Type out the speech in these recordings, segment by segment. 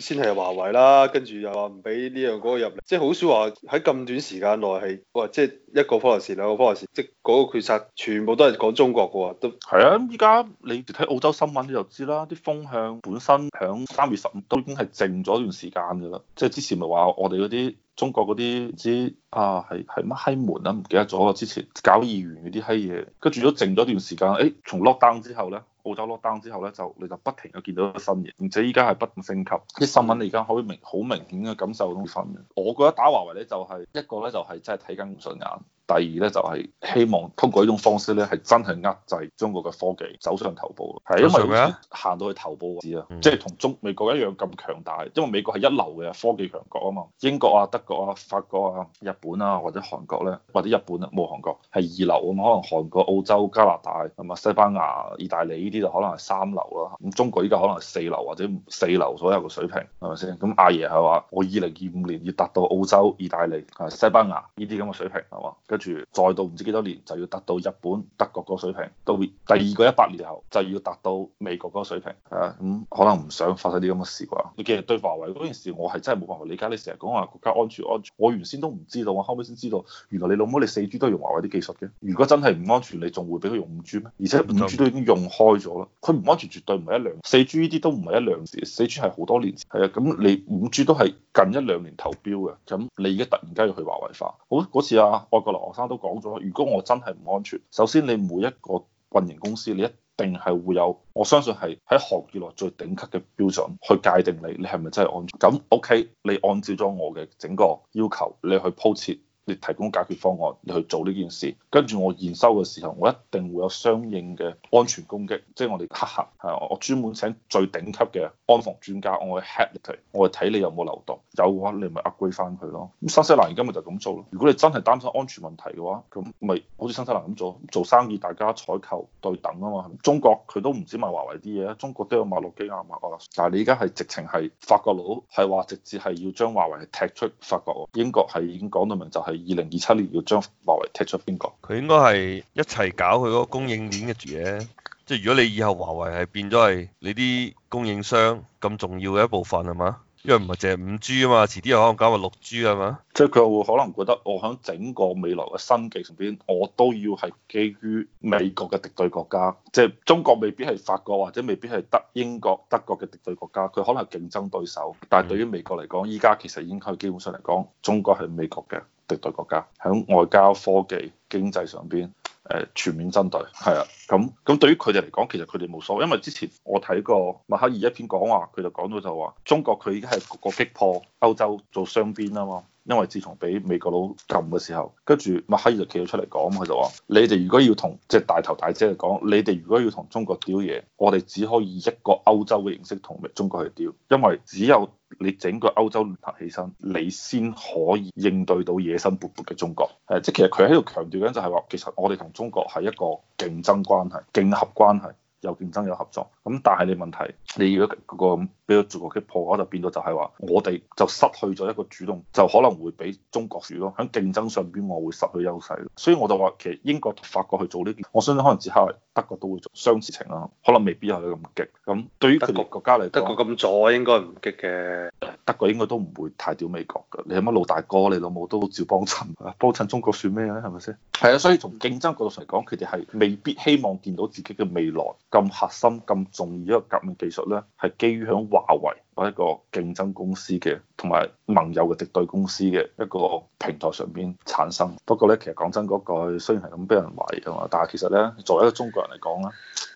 先係華為啦，跟住又話唔俾呢樣嗰個入嚟，即係好少話喺咁短時間內係哇，即係一個 policy 兩個 policy 即係嗰個決策全部都係講中國嘅喎，都係啊！依家你睇澳洲新聞你就知啦，啲風向本身響三月十五都已經係靜咗段時間嘅啦，即係之前咪話我哋嗰啲中國嗰啲唔知啊係係乜閪門啊，唔記得咗啊！之前搞議員嗰啲閪嘢，跟住都靜咗段時間，誒從 lockdown 之後咧？澳洲落單之後咧，就你就不停嘅見到個新嘢，而且依家係不斷升級。啲新聞你而家可以明好明顯嘅感受到。新嘅。我覺得打華為咧就係、是、一個咧就係真係睇緊唔順眼。第二咧就係、是、希望通過呢種方式咧，係真係壓制中國嘅科技走上頭部咯。係因為行到去頭部嗰時，即係同中美國一樣咁強大。因為美國係一流嘅科技強國啊嘛。英國啊、德國啊、法國啊、日本啊或者韓國咧，或者日本冇韓國係二流啊嘛。可能韓國、澳洲、加拿大同埋西班牙、意大利呢啲就可能係三流啦。咁中國依家可能係四流或者四流左右嘅水平，係咪先？咁阿爺係話我二零二五年要達到澳洲、意大利啊、西班牙呢啲咁嘅水平係嘛？住再到唔知幾多年就要達到日本、德國個水平，到第二個一百年後就要達到美國個水平，係啊，咁、嗯、可能唔想發生啲咁嘅事啩。你其實對華為嗰件事，我係真係冇辦法理解。你成日講話國家安全安全，我原先都唔知道，我後尾先知道，原來你老母你四 G 都用華為啲技術嘅。如果真係唔安全，你仲會俾佢用五 G 咩？而且五 G 都已經用開咗啦，佢唔安全絕對唔係一兩，四 G 呢啲都唔係一兩時，四 G 係好多年前。係啊，咁你五 G 都係近一兩年投標嘅，咁你而家突然間要去華為化，好嗰次啊，外國來。學生都講咗，如果我真係唔安全，首先你每一個運營公司，你一定係會有，我相信係喺行業內最頂級嘅標準去界定你，你係咪真係安全？咁 OK，你按照咗我嘅整個要求，你去鋪設。你提供解決方案，你去做呢件事，跟住我驗收嘅時候，我一定會有相應嘅安全攻擊，即係我哋黑客係我專門請最頂級嘅安防專家，我去 hack 你，我係睇你有冇漏洞，有嘅話你咪呃 p g 翻佢咯。咁新西蘭而家咪就咁做咯。如果你真係擔心安全問題嘅話，咁咪好似新西蘭咁做，做生意大家採購對等啊嘛。中國佢都唔止賣華為啲嘢中國都有賣諾基亞、賣亞，但係你而家係直情係法國佬係話直接係要將華為踢出法國，英國係已經講到明就係、是。二零二七年要將華為踢出邊個？佢應該係一齊搞佢嗰個供應鏈嘅住嘅，即係如果你以後華為係變咗係你啲供應商咁重要嘅一部分係嘛？因為唔係淨係五 G 啊嘛，遲啲又可能搞個六 G 係嘛？即係佢會可能覺得我響整個未來嘅新技術入邊，我都要係基於美國嘅敵對國家，即係中國未必係法國或者未必係得英國、德國嘅敵對國家，佢可能係競爭對手。但係對於美國嚟講，依家、嗯、其實已經係基本上嚟講，中國係美國嘅。敵對國家喺外交、科技、經濟上邊誒全面針對，係啊，咁咁對於佢哋嚟講，其實佢哋冇所謂，因為之前我睇過默克爾一篇講話，佢就講到就話中國佢已經係個個擊破歐洲做雙邊啊嘛，因為自從俾美國佬撳嘅時候，跟住默克爾就企咗出嚟講，佢就話：你哋如果要同即係大頭大姐嚟講，你哋如果要同中國屌嘢，我哋只可以一個歐洲嘅形式同中國去屌，因為只有。你整個歐洲聯合起身，你先可以應對到野心勃勃嘅中國。誒，即係其實佢喺度強調緊就係話，其實我哋同中國係一個競爭關係，競合關係，有競爭有合作。咁但係你問題，你如果嗰、嗰個俾咗逐個擊破嘅話，就變咗就係話我哋就失去咗一個主動，就可能會俾中國主咯。喺競爭上邊，我會失去優勢。所以我就話其實英國同法國去做呢件，我相信可能之後德國都會做相似事情啦。可能未必有你咁激。咁對於德國國家嚟，德國咁左應該唔激嘅。德國應該都唔會太屌美國㗎。你阿媽老大哥，你老母都照幫襯啊，幫襯中國算咩咧？係咪先？係啊，所以從競爭角度上嚟講，佢哋係未必希望見到自己嘅未來咁核心、咁重要一個革命技術咧，係基於響。華為。I 一個競爭公司嘅，同埋盟友嘅敵對公司嘅一個平台上邊產生。不過咧，其實講真嗰、嗰個雖然係咁俾人懷疑啊嘛，但係其實咧作為一個中國人嚟講咧，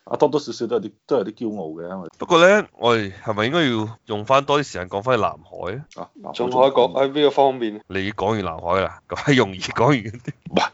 啊多多少少都，都有啲都有啲驕傲嘅。不過咧，我哋係咪應該要用翻多啲時間講翻去南海啊？南海喺喺邊個方面？你講完南海啦，咁容易講完啲，唔係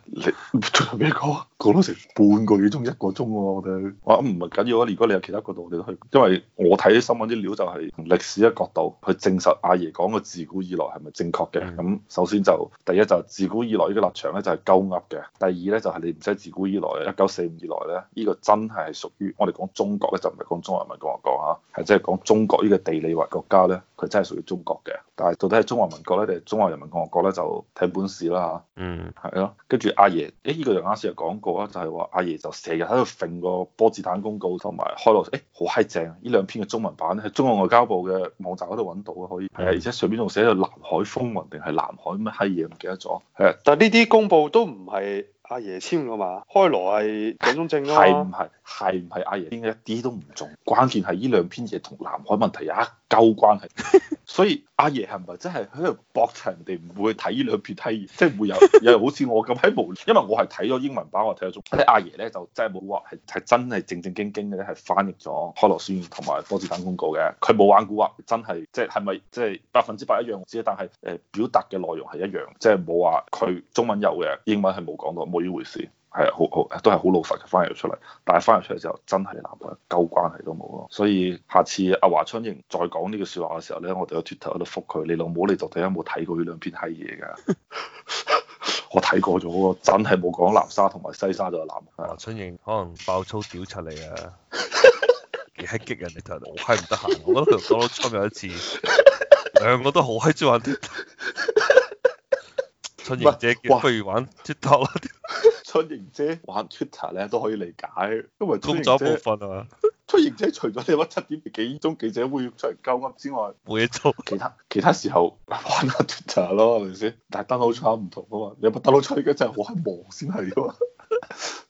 你仲有咩講啊？講多成半個幾鐘一個鐘喎，啊，我哋。我諗唔係緊要啊，如果你有其他角度，你哋都去。因為我睇新聞啲料就係歷史。只一個角度去證實阿爺講嘅自古以來係咪正確嘅？咁首先就第一就自古以來呢個立場咧，就係鳩噏嘅。第二咧就係你唔使自古以來，一九四五以來咧，呢個真係係屬於我哋講中國咧，呢就唔係講中華民國啊嚇，係即係講中國呢個地理或國家咧。佢真係屬於中國嘅，但係到底係中華民國咧，定係中華人民共和國咧，就睇本事啦嚇。嗯，係咯。跟住阿爺，誒、欸、呢、這個就啱先又講過啦，就係、是、話阿爺就成日喺度揈個波子彈公告，同埋開羅，誒好嗨正，呢兩篇嘅中文版咧喺中國外交部嘅網站嗰度揾到啊，可以。係啊、嗯，而且上邊仲寫咗「南海風雲定係南海咩閪嘢唔記得咗。係，但係呢啲公佈都唔係阿爺簽㗎嘛，開羅係鄭中正咯。係唔係？係唔係？阿爺簽一啲都唔中，關鍵係呢兩篇嘢同南海問題一、啊。舊關係， 所以阿爺係咪真係喺度博情？人哋唔會去睇呢兩撇梯，即係會有有好似我咁喺無。因為我係睇咗英文版，我睇咗中文版。阿爺咧就真係冇話係係真係正正經經嘅咧，係翻譯咗《開羅宣言》同埋《波茨坦公告》嘅。佢冇玩古惑，真係即係係咪即係百分之百一樣知。但係誒，表達嘅內容係一樣，即係冇話佢中文有嘅英文係冇講到，冇呢回事。係啊，好好都係好老實嘅翻譯出嚟，但係翻譯出嚟之後真係男朋友，夠關係都冇咯。所以下次阿華春瑩再講呢句說話嘅時候咧，我哋個 Twitter 喺度複佢：你老母你到底有冇睇過呢兩篇閪嘢噶？我睇過咗，真係冇講南沙同埋西沙就有男。阿華春瑩可能爆粗屌出嚟啊！幾閪激人你真就我閪唔得閒，我諗佢多咗出名一次，兩個都好閪中意玩。春瑩姐不如玩 Twitter 啦。出瑩姐玩 Twitter 咧都可以理解，因為通咗部分啊。嘛。出瑩姐除咗你話七點幾鐘記者會出嚟鳩噏之外，冇嘢做。其他其他時候玩下 Twitter 咯，係咪先？但係登 o n 唔同啊嘛，你話 Donald t 係好閪忙先係啊。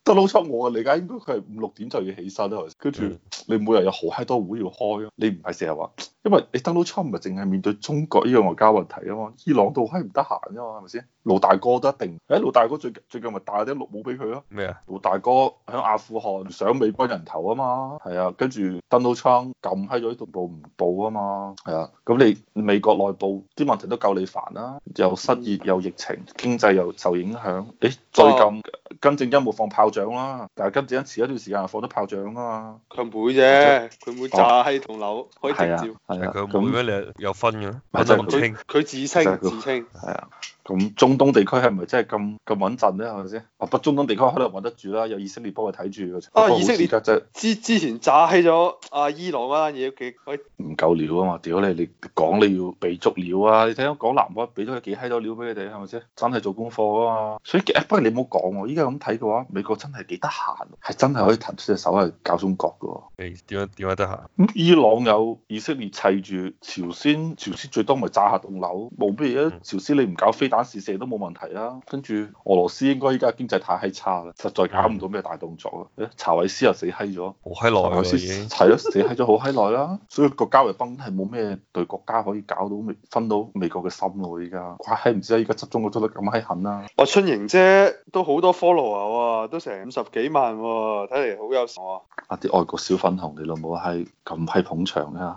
德到倉，Trump, 我嘅理解應該佢係五六點就要起身，跟住你每日有好閪多會要開，你唔係成日話，因為你登到倉咪淨係面對中國呢樣外交問題啊嘛，伊朗都閪唔得閒啫嘛，係咪先？老大哥都一定，誒、欸、老大哥最近最近咪帶咗啲綠帽俾佢咯咩啊？老麼大哥響阿富汗上美軍人頭啊嘛，係啊，跟住登到倉撳喺咗呢度報唔報啊嘛，係啊，咁你美國內部啲問題都夠你煩啦，啊，又失業又疫情，經濟又受影響，誒、欸、最近。啊金正恩冇放炮仗啦、啊，但係金正恩遲一段時間又放咗炮仗噶嘛。佢唔會啫，佢唔、就是、會炸閪棟樓開以照。係啊，佢唔會咩？你有分嘅咩？佢自稱自稱係啊。咁中東地區係咪真係咁咁穩陣咧？係咪先？啊，北中東地區可能穩得住啦，有以色列幫佢睇住。啊，以色列就係之之前炸起咗啊伊朗啊，單嘢，幾唔夠料啊嘛！屌你，你講你要備足料啊！你睇下講南海俾咗幾閪多料俾你哋，係咪先？真係做功課啊嘛！所以不過你冇好講喎。依家咁睇嘅話，美國真係幾得閒，係真係可以騰出隻手嚟搞中國噶喎。屌點樣點得閒？咁伊朗有以色列砌住，朝鮮朝鮮最多咪炸下棟樓，冇如啊！朝鮮你唔搞飛玩四四都冇問題啦、啊。跟住俄羅斯應該依家經濟太閪差啦，實在搞唔到咩大動作啦、嗯欸。查韋斯又死嗨咗，好嗨耐啊！查韋咯經，死嗨咗好嗨耐啦， 所以國交嘅崩係冇咩對國家可以搞到分到美國嘅心咯。依家怪閪唔知啊，依家執中國執得咁閪狠啦。我春瑩姐都好多 f o l l o w、er、啊，都成五十幾萬喎，睇嚟好有錢啊，啲、啊啊、外國小粉紅你老母閪咁閪捧場啊！